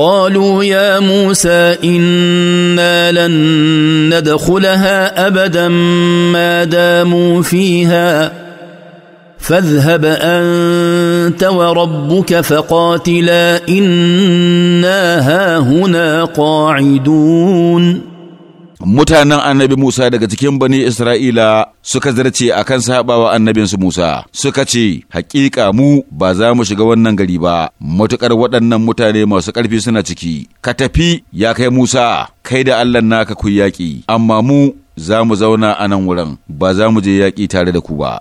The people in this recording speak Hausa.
قالوا يا موسى انا لن ندخلها ابدا ما داموا فيها فاذهب انت وربك فقاتلا انا هاهنا قاعدون mutanen annabi Musa daga cikin bani Isra'ila suka zarce a kan saɓawa annabinsu Musa, suka ce, Hakika mu ba za mu shiga wannan gari ba, matuƙar waɗannan mutane masu ƙarfi suna ciki, ka tafi ya kai Musa, kai da Allah naka ku yaƙi, amma mu za mu zauna a nan wurin, ba za mu je yaƙi tare da ku ba.